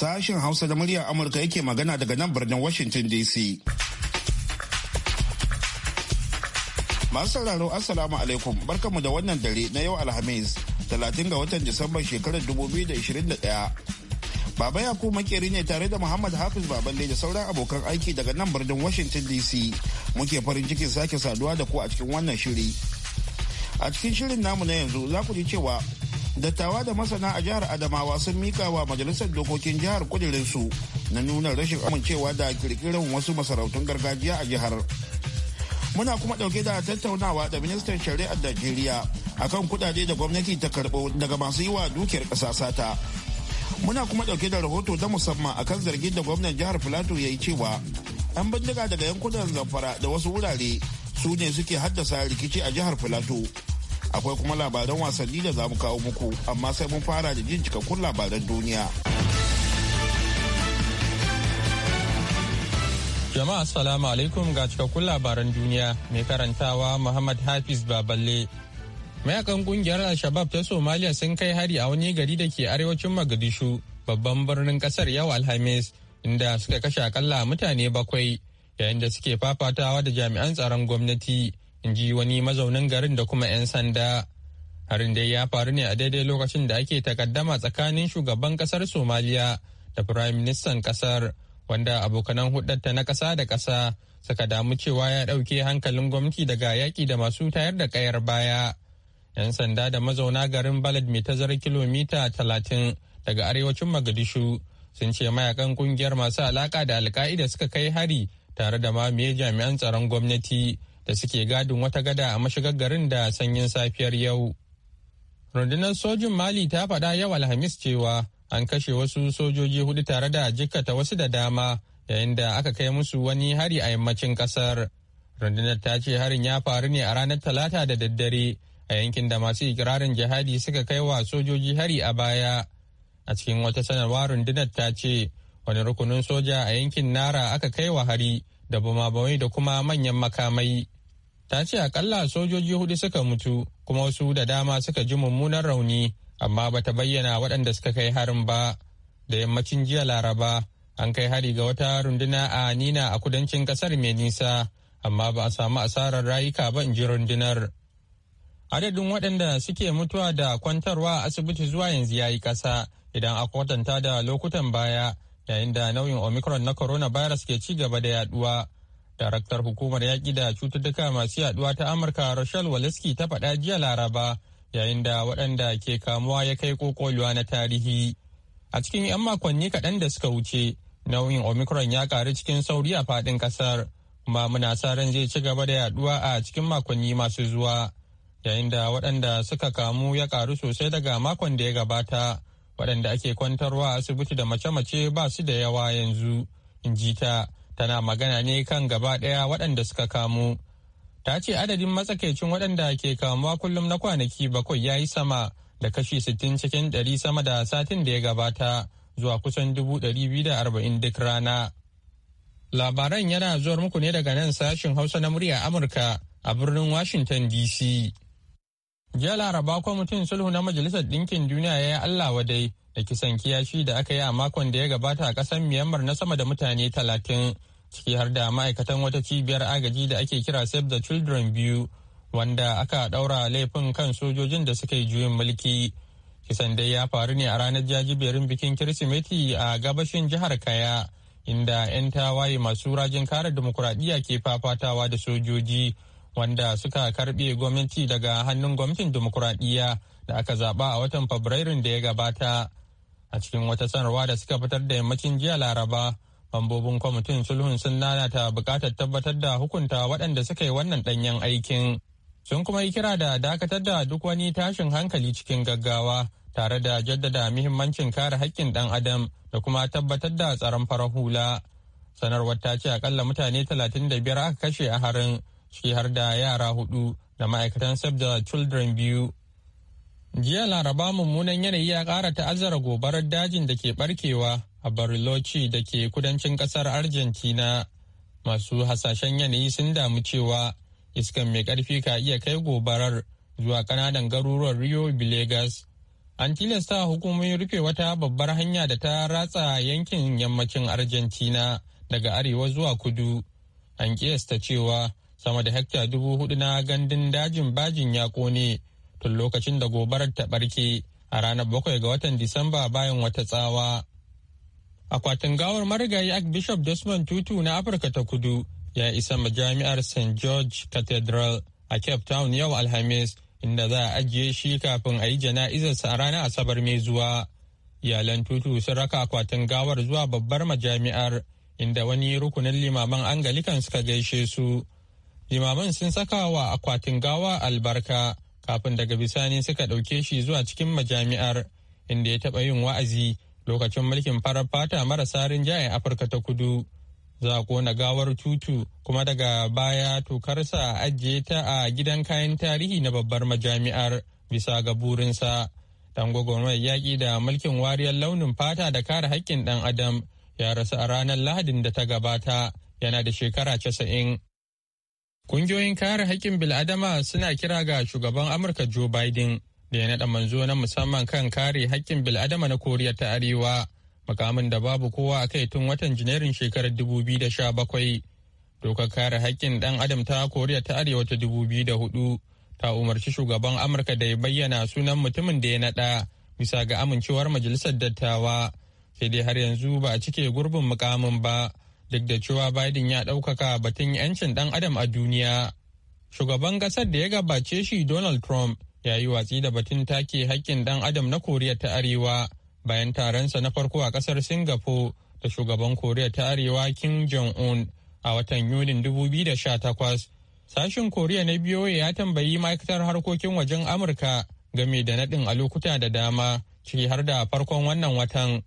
Sashen Hausa da muryar Amurka yake magana daga nan birnin Washington DC. Masu sauraro Assalamu alaikum barkanmu da wannan dare na yau Alhamis 30 ga watan Disambar shekarar 2021. Baba Yaku makeri ne tare da Muhammad Hafiz Baballe da sauran abokan aiki daga nan birnin Washington DC. Muke farin cikin sake saduwa da ku a cikin wannan shiri. A cikin shirin namu na yanzu za ku ji cewa dattawa da masana a jihar adamawa sun mika wa majalisar dokokin jihar kudirinsu na nuna rashin amincewa da kirkirar wasu masarautun gargajiya a jihar muna kuma dauke da tattaunawa da ministan shari'ar najeriya akan kudade da gwamnati ta karbo daga masu yi wa dukiyar ƙasa sata muna kuma dauke da rahoto ta musamman akan zargin da gwamnan jihar filato ya yi cewa an bindiga daga yankunan zamfara da wasu wurare su ne suke haddasa rikici a jihar filato akwai kuma labaran wasanni da za mu kawo muku amma sai mun fara da jin cikakkun labaran duniya jama'a salamu alaikum ga cikakkun labaran duniya mai karantawa muhammad hafiz baballe mayakan kungiyar alshabab ta somaliya sun kai hari a wani gari da ke arewacin magadishu babban birnin kasar yau alhamis inda suka kashe akalla mutane bakwai yayin da suke fafatawa da jami'an tsaron gwamnati in ji wani mazaunin garin da kuma 'yan sanda harin dai ya faru ne a daidai lokacin da ake takaddama tsakanin shugaban kasar somaliya da firayim ministan kasar wanda abokanan hudarta na kasa da kasa suka damu cewa ya ɗauke hankalin gwamnati daga yaƙi da masu tayar da kayar baya 'yan sanda da mazauna garin balad mai tazarar kilomita talatin daga arewacin magadishu sun ce mayakan kungiyar masu alaka da alka'ida suka kai hari tare da mamaye jami'an tsaron gwamnati da suke gadin wata gada a mashigar garin da sanyin safiyar yau. Rundunar sojin Mali ta faɗa yau Alhamis cewa an kashe wasu sojoji hudu tare da jikkata wasu da dama yayin da aka kai musu wani hari a yammacin ƙasar. Rundunar ta ce harin ya faru ne a ranar Talata da daddare a yankin da masu ikirarin jihadi suka kai wa sojoji hari a baya. A cikin wata sanarwa rundunar ta ce wani rukunin soja a yankin Nara aka kai wa hari da bumabawai da kuma manyan makamai ta ce akalla sojoji hudu suka mutu kuma wasu da dama suka ji mummunan rauni amma bata bayyana waɗanda suka kai harin ba da yammacin jiya laraba an kai hari ga wata runduna a nina a kudancin ƙasar mai nisa amma ba a samu asarar rayuka ba in ji rundunar adadin waɗanda suke mutuwa da kwantarwa a asibiti zuwa yanzu ya yi ƙasa idan a kwatanta da lokutan baya yayin da nauyin omicron na corona coronavirus ke ci gaba da yaduwa daraktar hukumar yaƙi da cututtuka masu yaduwa ta amurka rochelle waleski ta faɗa jiya laraba yayin da waɗanda ke kamuwa ya kai kokoliwa na tarihi a cikin 'yan makonni kaɗan da suka wuce nauyin omicron ya ƙaru cikin sauri a faɗin ƙasar kuma muna sa ran zai ci gaba da yaduwa a cikin makonni masu zuwa yayin da waɗanda suka kamu ya ƙaru sosai daga makon da ya gabata waɗanda ake kwantarwa a asibiti da mace-mace ba su da yawa yanzu in ji ta tana magana ne kan gaba ɗaya waɗanda suka kamu ta ce adadin matsakaicin waɗanda ke kamuwa kullum na kwanaki bakwai ya yi sama da kashi sittin cikin ɗari sama da satin da ya gabata zuwa kusan dubu ɗari biyu da arba'in duk rana labaran yana zuwar muku ne daga nan sashin hausa na murya amurka a birnin washington dc Jiya Laraba kwamitin sulhu na Majalisar Ɗinkin Duniya ya yi Allah wadai da kisan kiyashi da aka yi a makon da ya gabata a ƙasar Myanmar na sama da mutane talatin ciki har da ma'aikatan wata cibiyar agaji da ake kira Save the Children biyu wanda aka ɗaura laifin kan sojojin da suka yi juyin mulki. Kisan dai ya faru ne a ranar jajiberin bikin Kirsimeti a gabashin jihar Kaya inda 'yan tawaye masu rajin kare dimokuraɗiyya ke fafatawa da sojoji. wanda suka karbe gwamnati daga hannun gwamnatin demokuraɗiyya da aka zaɓa a watan fabrairun da ya gabata a cikin wata sanarwa da suka fitar da yammacin jiya laraba mambobin kwamitin sulhun sun nanata buƙatar tabbatar da hukunta waɗanda suka yi wannan ɗanyen aikin sun kuma yi kira da dakatar da duk wani tashin hankali cikin gaggawa tare da jaddada muhimmancin kare haƙƙin ɗan adam da kuma tabbatar da tsaron farar hula sanarwar ta ce akalla mutane talatin da biyar aka kashe a harin ciki har da yara hudu da ma'aikatan Save the Children biyu. Jiya Laraba mummunan yanayi ya ƙara ta'azzara gobarar dajin da ke barkewa a Bariloci da ke kudancin kasar Argentina. Masu hasashen yanayi sun damu cewa iskan mai karfi ka iya kai gobarar zuwa ƙananan garuruwan Rio Villegas. An tilasta hukumomin rufe wata babbar hanya da ta ratsa yankin yammacin Argentina daga arewa zuwa kudu. An kiyasta cewa sama da hekta dubu hudu na gandun dajin bajin ya kone tun lokacin da gobarar ta barke a ranar bakwai ga watan disamba bayan wata tsawa akwatin gawar marigayi bishop desmond tutu na afirka ta kudu ya isa majami'ar st george cathedral a cape town yau alhamis inda za a ajiye shi kafin a yi jana'izarsa a ranar asabar mai zuwa iyalan tutu sun raka akwatin gawar zuwa babbar majami'ar inda wani rukunin limaman angalikan suka gaishe su limaman sun saka wa akwatin gawa albarka kafin daga bisani suka ɗauke shi zuwa cikin majami'ar inda ya taɓa yin wa'azi lokacin mulkin farar fata marasa rinjayen afirka ta kudu za a kona gawar tutu kuma daga baya tokarsa a ajiye ta a gidan kayan tarihi na babbar majami'ar bisa ga burinsa dan gwagwarmar yaƙi da mulkin wariyar launin fata da kare haƙƙin ɗan adam ya rasu a ranar lahadin da ta gabata yana da shekara casa'in Kungiyoyin kare haƙƙin bil'adama suna kira ga shugaban Amurka Joe Biden da ya naɗa manzo na musamman kan kare haƙƙin bil'adama na Koriya ta Arewa, makamin da babu kowa a kai tun watan Janairun shekarar 2017. Dokar kare haƙƙin ɗan adam ta Koriya ta Arewa ta 2004 ta umarci shugaban Amurka da ya bayyana sunan mutumin da ya naɗa bisa ga amincewar majalisar dattawa. Sai dai har yanzu ba a cike gurbin mukamin ba. duk da cewa Biden ya ɗaukaka batun 'yancin ɗan adam a duniya. Shugaban ƙasar da ya gabace shi Donald Trump ya yi watsi da batun take haƙƙin ɗan adam na Koriya ta Arewa bayan taronsa na farko a ƙasar Singapore da shugaban Koriya ta Arewa Kim Jong-un a watan Yunin 2018. Sashen Koriya na biyo ya tambayi ma'aikatar harkokin wajen Amurka game da naɗin a lokuta da dama ciki har da farkon wannan watan.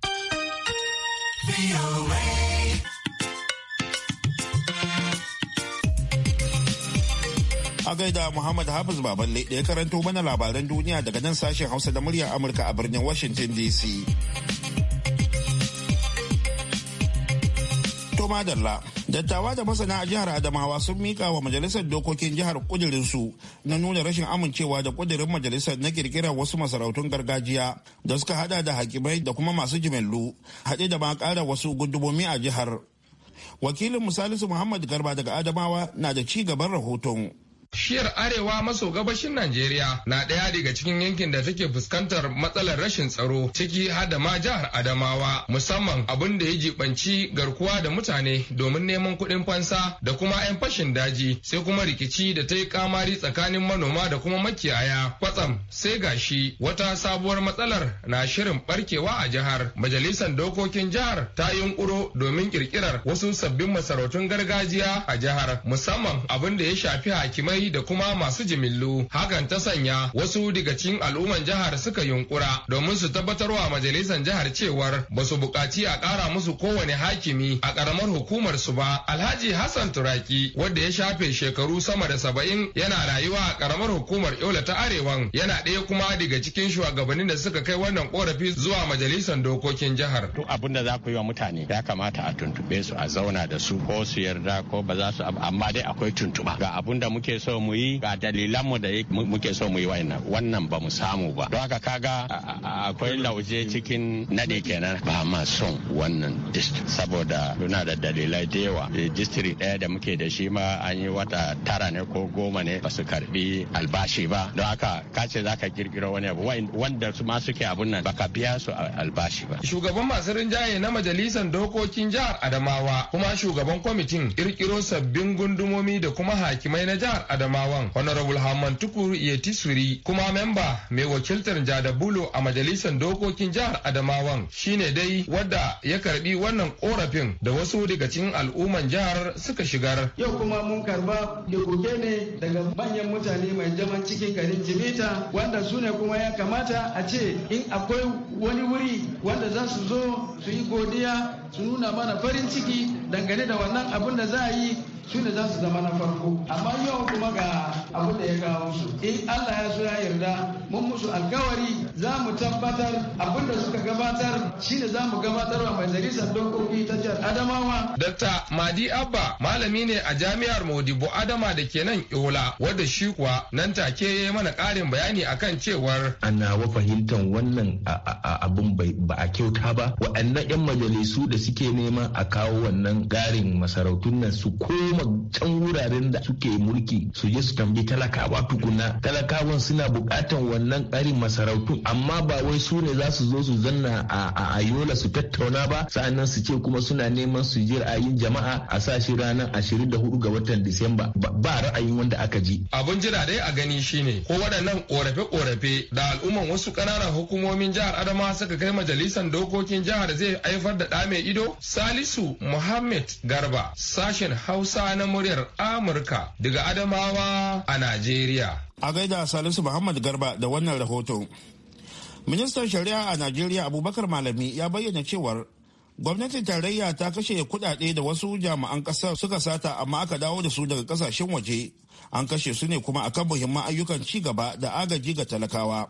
a gaida Muhammad Hafiz Baballe da ya karanto mana labaran duniya daga nan sashen Hausa da muryar Amurka a birnin Washington DC. To madalla, dattawa da masana a jihar Adamawa sun mika wa majalisar dokokin jihar kudirinsu na nuna rashin amincewa da kudirin majalisar na kirkira wasu masarautun gargajiya da suka hada da hakimai da kuma masu jimillu haɗe da ma ƙara wasu gudubomi a jihar. wakilin misalisu muhammad garba daga adamawa na da ci gaban rahoton Shiyar Arewa maso gabashin Najeriya na ɗaya daga cikin yankin da take fuskantar matsalar rashin tsaro ciki har ma jihar Adamawa musamman abin da ya jibanci garkuwa da mutane domin neman kuɗin fansa da kuma 'yan fashin daji sai kuma rikici da ta yi kamari tsakanin manoma da kuma makiyaya kwatsam sai gashi wata sabuwar matsalar na shirin barkewa a jihar. Majalisar dokokin jihar ta yunkuro domin kirkirar wasu sabbin masarautun gargajiya a jihar musamman abin da ya shafi hakimai da kuma masu jimillu hakan ta sanya wasu daga cikin al'umman jihar suka yunkura domin su tabbatar wa majalisar jihar cewar ba su bukaci a ƙara musu kowane hakimi a ƙaramar hukumar su ba alhaji hassan turaki wanda ya shafe shekaru sama da saba'in yana rayuwa a karamar hukumar yola ta arewan yana ɗaya kuma daga cikin shugabannin da suka kai wannan korafi zuwa majalisar dokokin jihar duk abin za ku yi wa mutane ya kamata a tuntube su a zauna da su ko su yarda ko ba za su amma dai akwai tuntuba ga abin da muke so so mu yi ga dalilan mu da muke so mu yi wannan wannan ba mu samu ba don haka kaga akwai lauje cikin nade kenan ba ma son wannan district saboda muna da dalilai da yawa eh, district ɗaya da muke da shi ma an yi wata tara ne ko goma ne ba su karbi albashi ba don haka ce za ka kirkiro wani abu wanda su ma suke abun nan baka biya su albashi ba shugaban masu rinjaye na majalisar dokokin jihar adamawa kuma shugaban kwamitin kirkiro sabbin gundumomi da kuma hakimai na jihar adamawa Adamawan Honorable Hamman ya Yetisuri kuma memba mai wakiltar Jadabulo a majalisar dokokin jihar Adamawan shine dai wadda ya karbi wannan korafin da wasu daga cikin al'umman jihar suka shigar. Yau kuma mun karba da goge ne daga manyan mutane mai zaman cikin garin Jimita wanda su ne kuma ya kamata a ce in akwai wani wuri wanda za su zo su yi godiya su nuna mana farin ciki dangane da wannan abin da za a yi su ne za su zama na farko amma yau kuma ga abin da ya kawo su in Allah ya so ya yarda mun musu alkawari za mu tabbatar abin da suka gabatar shi ne za mu gabatar wa mai majalisar dokoki ta jihar Adamawa. Dr. Madi Abba malami ne a jami'ar Modibo Adama da ke nan Iola wadda shi kuwa nan take ya mana karin bayani akan cewar. Ana fahimtar wannan abun ba a kyauta ba wa'annan 'yan majalisu da suke nema a kawo wannan garin masarautun nan su ko koma can wuraren da suke mulki su je su tambi talakawa tukuna talakawan suna bukatan wannan karin masarautun amma ba wai su ne za su zo su zanna a ayola su tattauna ba sa'annan su ce kuma suna neman su ji ra'ayin jama'a a sa shi ranar hudu ga watan disamba ba ra'ayin wanda aka ji abun jira dai a gani shine ko waɗannan korafe-korafe da al'umman wasu ƙananan hukumomin jihar adama suka kai majalisar dokokin jihar zai haifar da ɗa mai ido salisu muhammad garba sashen hausa Hausa muryar Amurka daga Adamawa a Najeriya. A gaida Salisu Muhammad Garba da wannan rahoto. Ministan Shari'a a Najeriya Abubakar Malami ya bayyana cewar gwamnatin tarayya ta kashe kudade da wasu jami'an kasar suka sata amma aka dawo da su daga kasashen waje an kashe su ne kuma akan muhimman ayyukan ci gaba da agaji ga talakawa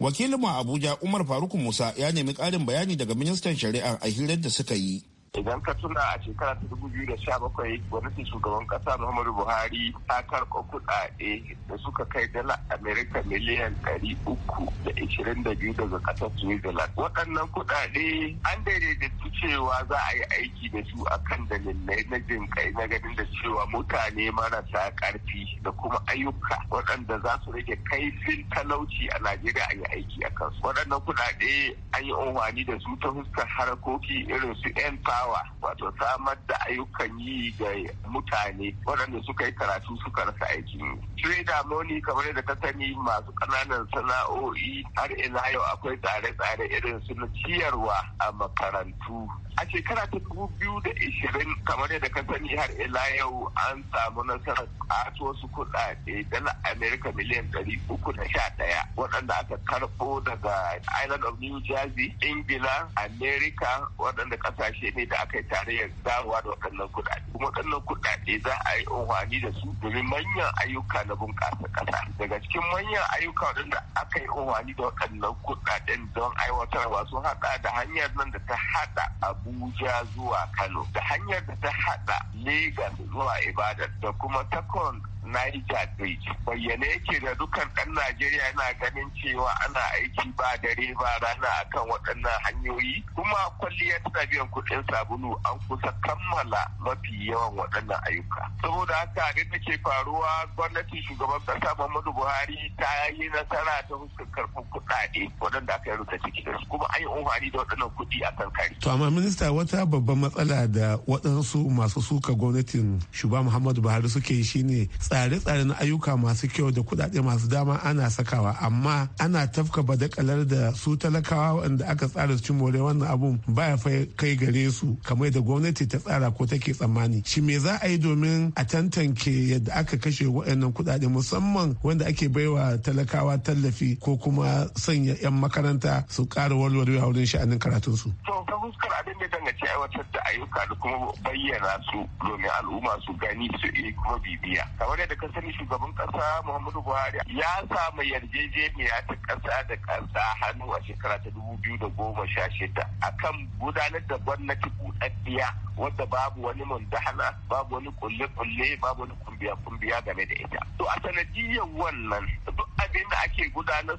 wakilinmu a abuja umar faruk musa ya nemi ƙarin bayani daga ministan shari'a a hirar da suka yi idan ka tuna a shekara ta dubu biyu da sha bakwai gwamnatin shugaban kasa muhammadu buhari ta karɓa kuɗaɗe da suka kai dala amerika miliyan ɗari uku da ishirin da biyu daga ƙasar switzerland waɗannan kuɗaɗe an daidaitu cewa za a yi aiki da su akan dalilai na jin kai na ganin da cewa mutane marasa ƙarfi da kuma ayyuka waɗanda za su rage kaifin talauci a najeriya a yi aiki a kansu waɗannan kuɗaɗe an yi umarni da su ta fuskar harkoki irin su 'yan yawa wato samar da ayyukan yi ga mutane waɗanda suka yi karatu suka rasa aikin yi trader Moni kamar da kasani, masu ƙananan sana'o'i har ila yau akwai tsare-tsare irin su na ciyarwa a makarantu a shekara ta dubu biyu da ishirin kamar yadda ka har ila yau an samu nasarar ƙato wasu kuɗaɗe dala amerika miliyan ɗari uku da sha ɗaya waɗanda aka karɓo daga island of new jersey ingila amerika waɗanda ƙasashe ne da aka yi tarayyar dawowa da waɗannan kuɗaɗe kuma waɗannan kuɗaɗe za a yi umarni da su domin manyan ayyuka da na bunƙasa ƙasa daga cikin manyan ayyuka waɗanda aka yi umarni da waɗannan kuɗaɗen don aiwatarwa sun haɗa da hanyar nan da ta haɗa abuja zuwa kano da hanyar da ta haɗa legas zuwa ibadan da kuma takon Niger Bridge. Bayyane yake da dukan ɗan Najeriya yana ganin cewa ana aiki ba dare ba rana akan waɗannan hanyoyi kuma kwalliya tana biyan kuɗin sabulu an kusa kammala mafi yawan waɗannan ayyuka. Saboda haka abin da ke faruwa gwamnatin shugaban ƙasa Muhammadu Buhari ta yi nasara ta fuskar karɓar kuɗaɗe waɗanda aka yi rubuta ciki da su kuma an yi amfani da waɗannan kuɗi a kan kari. To amma minista wata babban matsala da waɗansu masu suka gwamnatin shugaba Muhammadu Buhari suke yi shine tsare-tsare na ayyuka masu kyau da kudade masu dama ana sakawa amma ana tafka badakalar da su talakawa wanda aka tsara su more wannan abun baya fa kai gare su kamar da gwamnati ta tsara ko take tsammani shi me za a yi domin a tantance yadda aka kashe waɗannan kudade musamman wanda ake baiwa talakawa tallafi ko kuma sanya 'yan makaranta su ƙara a wurin sha'anin karatunsu. To ta fuskar abin da dangace aiwatar da ayyuka kuma bayyana su domin al'umma su gani su kuma bibiya. Kamar da ka sani shugaban kasa Muhammadu Buhari ya samu yarjejeniya ta kasa da kasa hannu a shekara ta dubu biyu da goma sha shida akan gudanar da gwamnati buɗaɗɗiya wadda babu wani mundahana babu wani kulle-kulle babu wani kumbiya-kumbiya game da ita. To a sanadiyar wannan duk abin da ake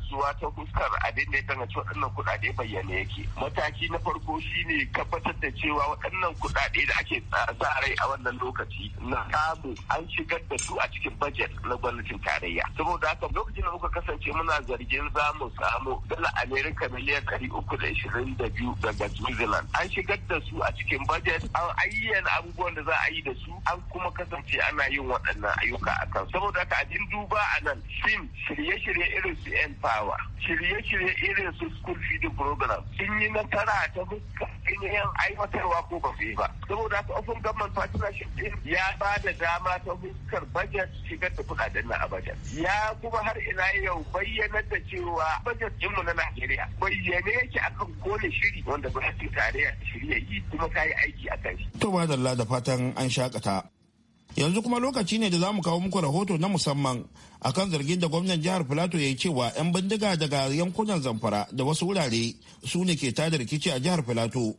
zuwa ta fuskar abin da ya danganci waɗannan kuɗaɗe bayyane yake. Mataki na farko shine tabbatar da cewa waɗannan kuɗaɗe da ake sa rai a wannan lokaci na samu an shigar da su a a cikin budget na gwamnatin tarayya saboda haka lokacin da muka kasance muna zargin za mu samu dala amerika miliyan kari uku da ishirin da biyu daga new an shigar da su a cikin budget an ayyana abubuwan da za a yi da su an kuma kasance ana yin waɗannan ayyuka a kan saboda haka abin duba a nan sin shirye-shirye irin su Power. shirye-shirye irin su school feeding program sun yi nasara ta fuska aiwatarwa ko ba su yi ba saboda haka ofin government partnership ya ba da dama ta fuskar budget budget shigar da kudaden na a ya kuma har ina yau bayyana da cewa budget mu na Najeriya bayyane yake akan kone shiri wanda ba tare tarayya shirya yi kuma ka yi aiki a kai. To ba da fatan an shakata. yanzu kuma lokaci ne da za mu kawo muku rahoto na musamman akan zargin da gwamnan jihar filato ya yi cewa 'yan bindiga daga yankunan zamfara da wasu wurare su ne ke tada rikici a jihar filato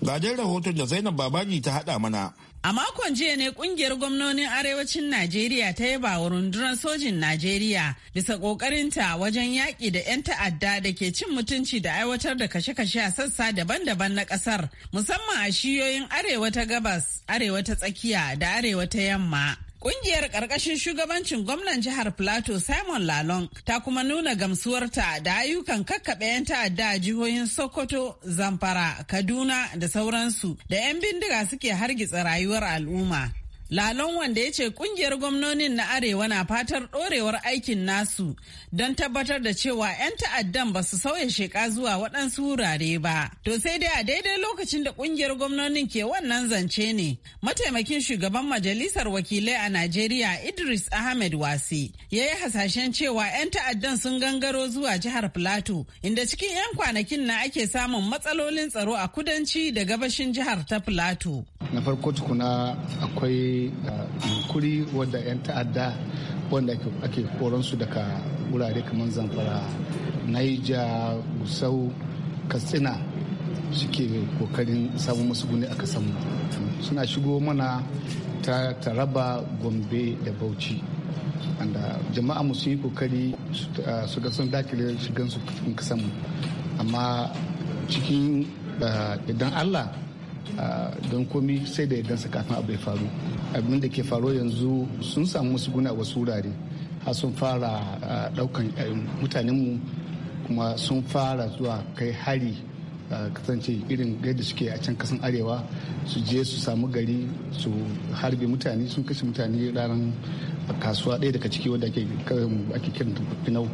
ga rahoton da zainab babaji ta haɗa mana A makon jiya ne kungiyar gwamnonin arewacin Najeriya ta yaba wa rundunar sojin Najeriya bisa kokarinta wajen yaƙi da 'yan ta'adda da ke cin mutunci da aiwatar da kashe-kashe a sassa daban-daban na ƙasar, musamman a shiyoyin arewa ta gabas, arewa ta tsakiya da arewa ta yamma. Kungiyar ƙarƙashin shugabancin gwamnan jihar Plateau Simon Lalong ta kuma nuna gamsuwarta da ayyukan kakkaɓe 'yan ta'adda a jihohin Sokoto, Zamfara, Kaduna da sauransu da 'yan bindiga suke hargitsa rayuwar al'umma. Lalon wanda ya ce kungiyar gwamnonin na Arewa na fatar ɗorewar aikin nasu don tabbatar da cewa 'yan ta'addan ba su sauya sheka zuwa waɗansu wurare ba. To sai dai a daidai lokacin da kungiyar gwamnonin ke wannan zance ne. Mataimakin shugaban majalisar wakilai a Najeriya Idris Ahmed Wasi ya yi hasashen cewa 'yan ta'addan sun gangaro zuwa jihar Plateau inda cikin 'yan kwanakin na ake samun matsalolin tsaro a kudanci da gabashin jihar ta Plateau. Na farko tukuna akwai yunkuri wanda 'yan ta'adda wanda ake koransu daga wurare kamar zamfara naija gusau katsina suke kokarin samun guni a kasanmu suna shigo mana ta taraba gombe da bauchi and jama'a musu yi kokari su ga sun dakile shigansu su kasanmu amma cikin idan allah don komi sai da yardansa kafin abu ya faru abin da ke faru yanzu sun samu guna wasu wurare har sun fara daukan mutanenmu kuma sun fara zuwa kai hari kasance irin yadda suke a can kasan arewa su je su samu gari su harbe mutane sun kashe mutane ranar kasuwa ɗaya daga ciki wadda ake kiran finau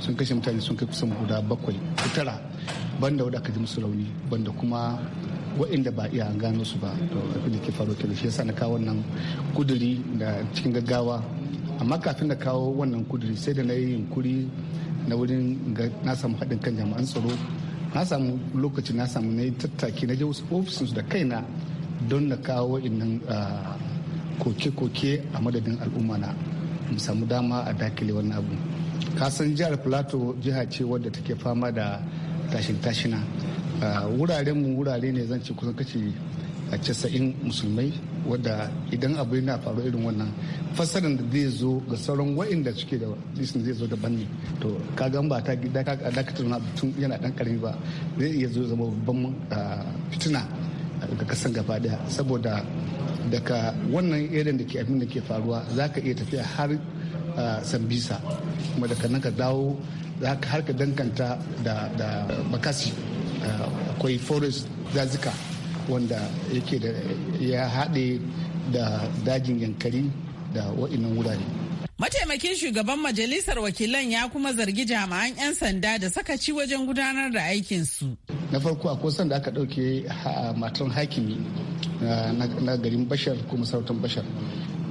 sun kashe mutane sun kai kusan guda bakwai tara banda wadda aka ji musu rauni banda kuma waɗanda ba iya an gano su ba to abin da ke faru kenan shi yasa na kawo wannan kuduri da cikin gaggawa amma kafin na kawo wannan kuduri sai da na yi yunkuri na wurin na samu haɗin kan jami'an tsaro na samu lokaci na samu na yi tattaki na je wasu ofisinsu da kaina don na kawo waɗannan ah, koke-koke a madadin al'umma na mu samu dama a dakile wannan abu ka san jihar plateau jiha ce wadda take fama da tashin tashina wuraren mu wurare ne zan ce kusan kashi a casa'in musulmai wadda idan abu yana faru irin wannan fasarin da zai zo ga sauran wa'inda suke da lisin zai zo daban ne to ka gan ba ta dakatar na tun yana dan karami ba zai iya zo zama babban fitina ga kasan gaba daya saboda daga wannan irin da ke abin da ke faruwa za ka iya tafiya har sambisa kuma daga nan ka dawo za ka har ka dankanta da bakasi akwai forest dazuka wanda yake da ya haɗe da dajin yankari da wa'inan wurare mataimakin shugaban majalisar wakilan ya kuma zargi jami'an 'yan sanda da sakaci wajen gudanar da aikinsu na farko a akwai sanda aka ɗauke matan hakimi na garin bashar kuma sautan bashar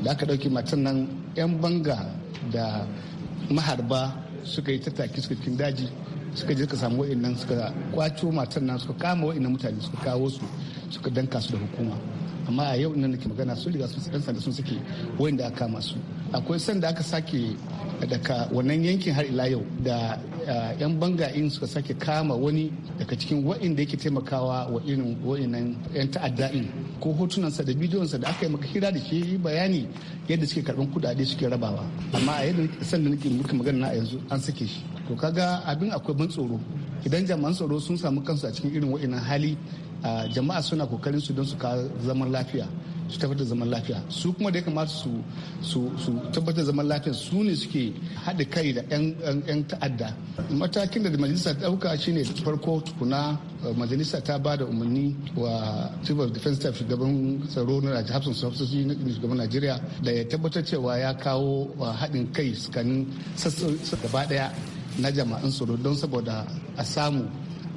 da aka ɗauki matan nan 'yan banga da maharba suka yi tattaki suka cikin daji suka je suka samu wa'annan suka kwaco matan nan suka kama wa'annan mutane suka kawo su suka danka su da hukuma amma a yau nan nake magana sun riga sun sanda sun suke wa'anda aka kama su akwai sanda aka sake daga wannan yankin har ila yau da yan banga'in suka sake kama wani daga cikin wa'inda yake taimakawa wa irin wa'innan yan ta'adda'in ko hotunansa da bidiyonsa da aka yi maka hira da ke bayani yadda suke karban kudade suke rabawa amma a yadda da nake muka magana na yanzu an sake shi to kaga abin akwai ban tsoro idan jama'an tsaro sun samu kansu a cikin irin wa'inan hali jama'a suna kokarin su don su ka zaman lafiya su tabbatar zaman lafiya su kuma da ya kamata su tabbatar zaman lafiya su ne suke haɗa kai da 'yan ta'adda matakin da majalisa ta ɗauka shine farko tukuna majalisa ta ba da umarni wa chief of defense staff shugaban tsaro na raji hafsun hafsoshi na shugaban najeriya da ya tabbatar cewa ya kawo haɗin kai tsakanin sassa gaba ɗaya na jama'an tsaro don saboda a samu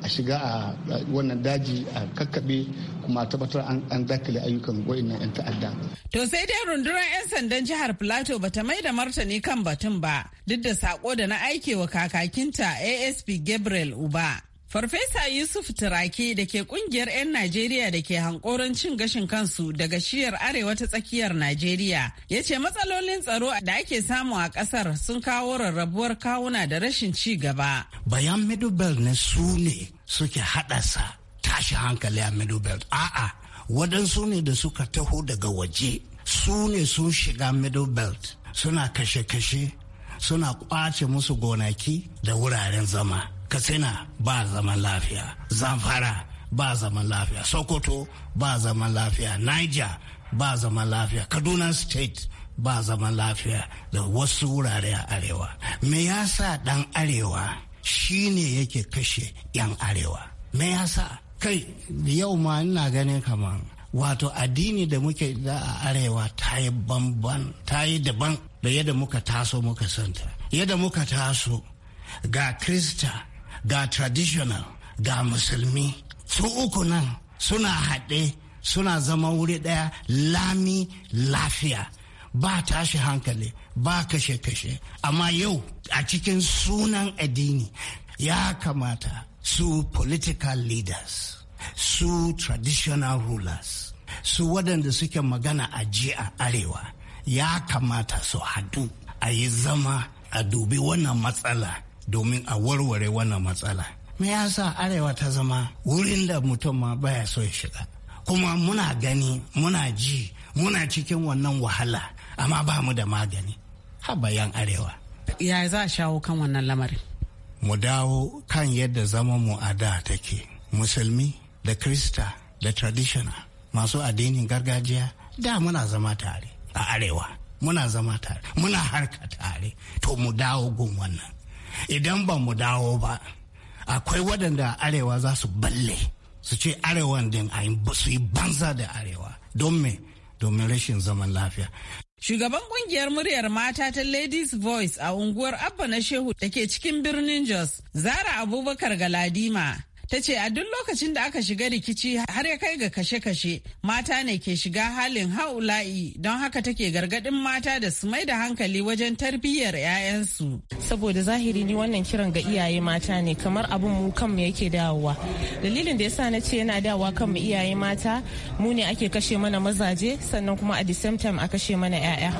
a shiga a wannan daji a kakkaɓe kuma a tabbatar an dakile ayyukan wa'annan 'yan ta'adda. To sai dai rundunar 'yan sandan jihar ba ta mai da martani kan batun ba duk da sako da na aike wa kakakinta ASP Gabriel Uba Farfesa Yusuf Turaki da ke kungiyar 'yan Najeriya da ke hankoron cin gashin kansu daga shiyar arewa ta tsakiyar Najeriya ya ce matsalolin tsaro da ake samu a ƙasar sun kawo rarrabuwar kawuna da rashin ci gaba. Bayan Middle Belt ne su ne suke haɗasa tashi hankali a Middle Belt. A'a, waɗansu ne da suka taho daga waje. Su ne sun shiga Middle Belt suna kashe-kashe, suna ƙwace musu gonaki da wuraren zama. katsina ba zaman lafiya zamfara ba zaman lafiya sokoto ba zaman lafiya niger ba zaman lafiya kaduna state ba zaman lafiya da wasu wurare a arewa me ya sa dan arewa shi ne yake kashe yan arewa me ya sa. kai yau ma ina ganin kamar wato addini da muke da a arewa ta yi bamban ta yi daban da yadda muka taso muka santa yadda muka taso ga krista ga traditional ga musulmi su uku nan suna haɗe suna zama wuri ɗaya lami lafiya ba tashi hankali ba kashe-kashe amma yau a cikin sunan addini ya kamata su political leaders su traditional rulers su waɗanda suke magana a ji a arewa ya kamata su haɗu a yi zama a dubi wannan matsala domin a warware wannan matsala me yasa arewa ta zama wurin da mutum ma baya so ya shiga kuma muna gani muna ji muna cikin wannan wahala amma ba mu da magani ha bayan arewa ya za a shawo kan wannan lamarin mu dawo kan yadda zama mu a da take musulmi da krista da traditional masu addinin gargajiya da muna zama tare a arewa muna zama tare muna harka tare to mu dawo gun wannan idan ba mu dawo ba akwai waɗanda arewa za su balle su ce arewa din a su yi banza da arewa don domin rashin zaman lafiya Shugaban kungiyar muryar mata ta Ladies Voice a unguwar Abba na Shehu da ke cikin birnin Jos, Zara Abubakar Galadima, ta ce a duk lokacin da aka shiga rikici har ya kai ga kashe-kashe mata ne ke shiga halin haula'i don haka take gargadin mata da su mai da hankali wajen tarbiyyar 'ya'yansu saboda zahiri ni wannan kiran ga iyaye mata ne kamar abin mu kanmu yake dawowa dalilin da yasa na ce yana dawowa mu iyaye mata mu ne ake kashe mana mazaje sannan kuma a the same time a kashe mana 'ya'ya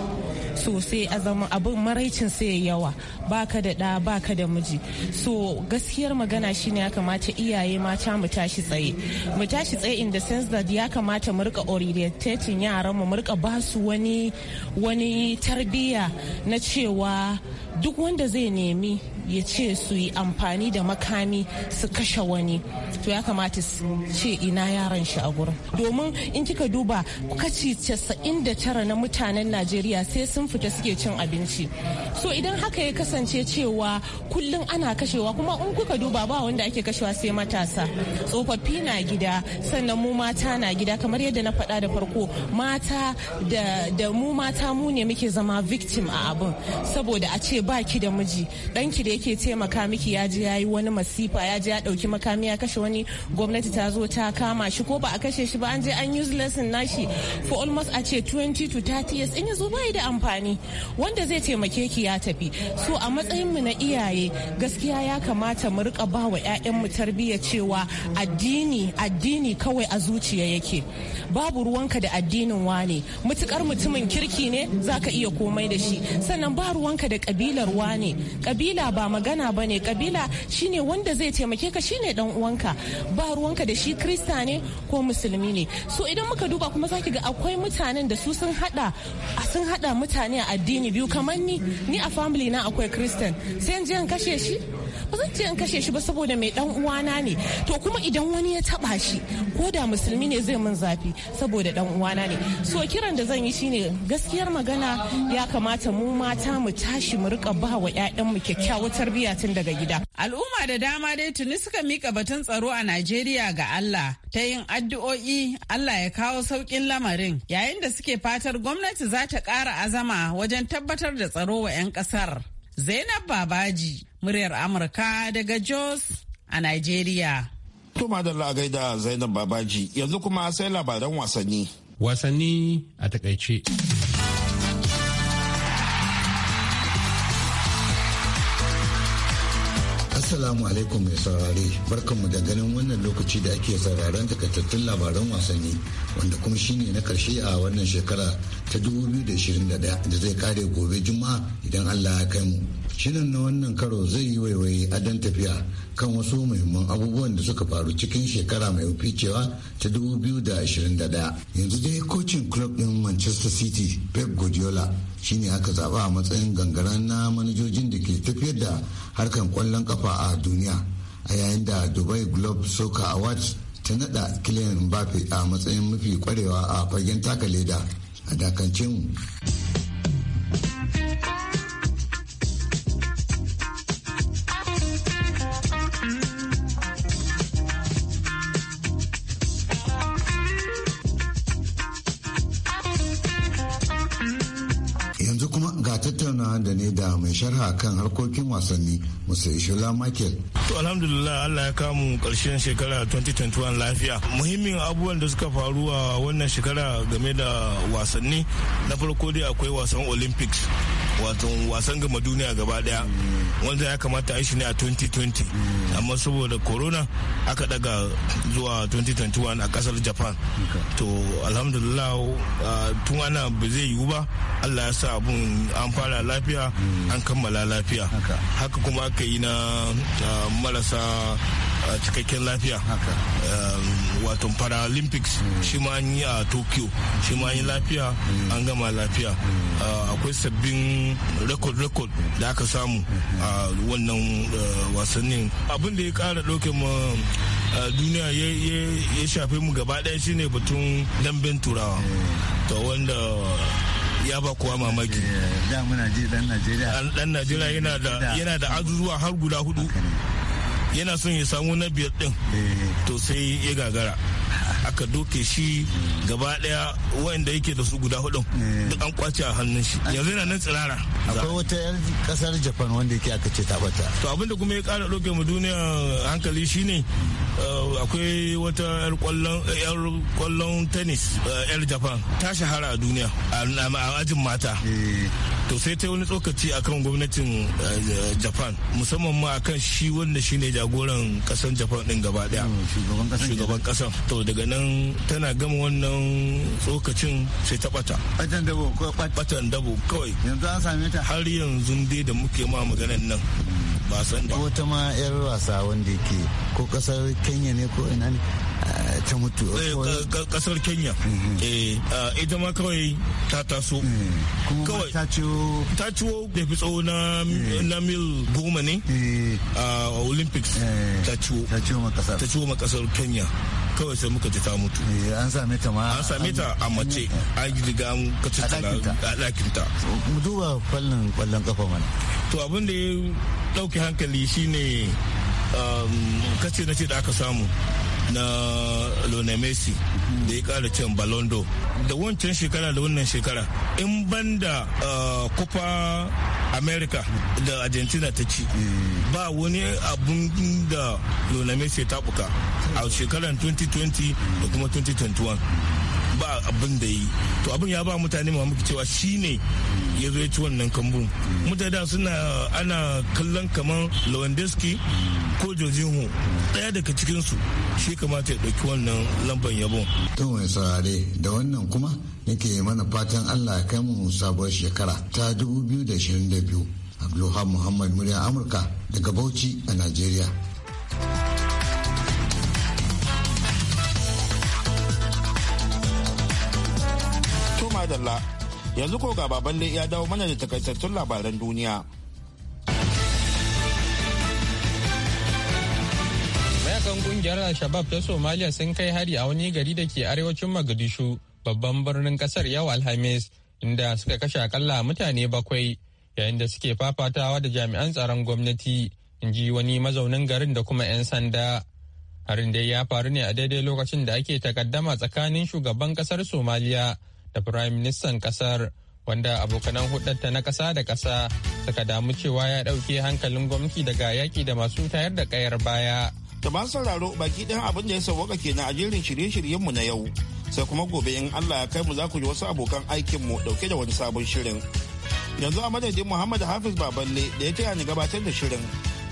so sai a zama abin maraicin sai yawa baka da ɗa baka da miji so gaskiyar magana shine ya kamata iyaye iyaye mata mu tashi tsaye mu tashi tsaye in the sense that ya kamata mu rika orientating yaran mu rika ba su wani wani tarbiya na cewa duk wanda zai nemi ya ce su yi amfani da makami su kashe wani to ya kamata su ce ina yaran shi a gurin domin in kika duba kaci 99 na mutanen najeriya sai sun fita suke cin abinci so idan haka ya kasance cewa kullum ana kashewa kuma in kuka duba ba wanda ake kashewa sai matasa tsofaffi na gida sannan mu mata na gida kamar yadda na faɗa da farko mata da mu mata mu ne muke zama victim a abin saboda a ce ba ki da miji ɗanki da yake taimaka miki ya ji yayi wani masifa ya ji ya dauki makami ya kashe wani gwamnati ta zo ta kama shi ko ba a kashe shi ba an je an use lesson nashi for almost a ce 20 to 30 years in ya zo bai da amfani wanda zai taimake ki ya tafi so a matsayin mu na iyaye gaskiya ya kamata mu rika ba wa mu tarbiyya cewa addini addini kawai a zuciya yake babu ruwanka da addinin wane mutukar mutumin kirki ne zaka iya komai da shi sannan ba ruwanka da kabila kabilar ne kabila ba magana ba ne kabila shine wanda zai taimake ka shine dan uwanka ba ruwanka da shi krista ne ko musulmi ne so idan muka duba kuma zaki ga akwai mutanen da su sun hada sun hada mutane a addini biyu kamar ni ni a family na akwai kristan sai an je in kashe shi ba zan ce in kashe shi ba saboda mai dan uwana ne to kuma idan wani ya taba shi ko da musulmi ne zai mun zafi saboda dan uwana ne so kiran da zan yi shine gaskiyar magana ya kamata mu mata mu tashi mu rika ba wa mu kyakkyawar tarbiyya tun daga gida al'umma da dama dai tuni suka mika batun tsaro a Najeriya ga Allah ta yin addu'o'i Allah ya kawo saukin lamarin yayin da suke fatar gwamnati za ta ƙara azama wajen tabbatar da tsaro wa 'yan kasar Zainab Babaji muryar Amurka daga Jos a Nigeria. To madalla gaida Zainab Babaji yanzu kuma sai labaran wasanni. Wasanni a takaice. Assalamu alaikum mai saurare barkanmu da ganin wannan lokaci da ake sauraron takaitattun labaran wasanni wanda kuma shine na karshe a wannan shekara ta 2021 da zai kare gobe juma'a idan Allah ya kai mu. shirin na wannan karo zai yi waiwaye adon tafiya kan wasu muhimman abubuwan da suka faru cikin shekara mai ficewa ta 2021 yanzu dai kocin club din manchester city pep guardiola shine aka zaba a matsayin gangaren na manajojin da ke tafiyar da harkan kwallon kafa a duniya a yayin da dubai globe soccer awards ta nada kylian mbappe a matsayin mafi kwarewa a fagen taka leda a dakancin sharha kan harkokin wasanni musa ishula michael to alhamdulillah allah ya kamu karshen shekara 2021 lafiya muhimmin abubuwan da suka faru a wannan shekara game da wasanni na farko dai akwai wasan olympics wato wasan gama duniya gaba daya wanda ya kamata a yi shi ne a 2020 amma saboda corona aka daga zuwa 2021 a kasar japan to alhamdulillah tun ana ba zai yiwu ba allah ya sa abun an fara lafiya an kammala lafiya haka kuma aka yi na marasa a cikakken lafiya um, wato paralympics hmm. shi ma an yi a tokyo shi ma an yi lafiya hmm. an gama lafiya hmm. uh, akwai sabbin record record da aka samu a wannan uh, wasannin abin da ya kara ɗauke ma uh, duniya ya shafe mu gaba daya shine batun damben turawa to wanda ya ba kowa mamaki. Eh, dan Najeriya. yana da yana da azuzuwa har guda hudu yana son ya samu na biyar din eh. to sai ya gagara aka doke shi gaba daya wanda yake da su guda hudun eh. duk an kwace a hannun shi yanzu yana nan tsirara akwai wata yar kasar japan wanda yake aka ce ta bata to da kuma ya kara doke mu duniya hankali shine eh, akwai wata yar kwallon yar kwallon tennis eh, yar japan ta shahara a duniya a ajin mata to sai ta wani tsokaci akan gwamnatin japan musamman ma akan shi wanda shine jagoran kasar japan din gaba daya mm, shugaban kasar to to daga nan tana gama wannan tsokacin sai ta bata batan dabo ko batan dabo kawai yanzu an same ta har yanzu dai da muke ma maganan nan ba san da wata ma yar wasa wanda yake ko kasar Kenya ne ko ina ne ta mutu eh, kasar kenya mhm. eh, ah, ita ma kawai ta taso mhm. kawai ta ciwo da fi tsawo na mil goma ne eh. a ah, olympics ta ciwo ta ciwo ma kasar kenya kawai sai muka ji ta mutu an same ta ma an same ta a mace an riga an kace ta a dakin ta mu duba kwallon kwallon kafa mana to abin da ya dauke hankali shine um, kace na ce da aka samu na Lionel Messi da ya kara cin balondo da wancan shekara da wannan shekara in banda kufa uh, America da Argentina ta ci ba wani abun da Lionel Messi ta buka a shekarar 2020 da kuma 2021 ba abin da yi to abin ya ba mutane mamaki cewa shi ne ya zo ya ci wannan kambun mutane da suna ana kallon kamar lewandowski ko jorginho daya daga cikinsu shi kamata ya ɗauki wannan lamban yabon to mai saurare da wannan kuma nake mana fatan allah ya kai mu sabuwar shekara ta 2022 abdulhamu muhammad muryan amurka daga bauchi a najeriya Yanzu ko baban dai ya dawo mana da takaitattun labaran duniya. Mayakan kungiyar Al-Shabab ta Somalia sun kai hari a wani gari da ke arewacin Magadishu babban birnin kasar yau Alhamis inda suka kashe akalla mutane bakwai yayin da suke fafatawa da jami'an tsaron gwamnati in ji wani mazaunin garin da kuma 'yan sanda. Harin dai ya faru ne a daidai lokacin da ake takaddama tsakanin shugaban kasar Somaliya da Firayim Ministan kasar wanda abokanan hudarta na ƙasa da kasa suka damu cewa ya ɗauke hankalin gwamnati daga yaki da masu tayar da ƙayar baya. Da masu sauraro baki ɗan abin da ya sauwaka kenan a jerin shirye-shiryenmu na yau. Sai kuma gobe in Allah ya kai mu za ku ji wasu abokan aikinmu ɗauke da wani sabon shirin. Yanzu a madadin Muhammad Hafiz Baballe da ya taya ni gabatar da shirin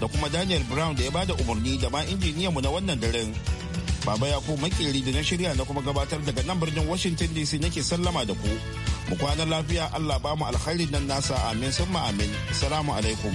da kuma Daniel Brown da ya bada umarni da ma injiniyanmu na wannan daren. Baba ya ku makeri da na shirya na kuma gabatar daga nan birnin Washington DC nake sallama da ku. Mu kwana lafiya Allah ba mu alkhairin nan nasa amin summa amin. Salamu alaikum.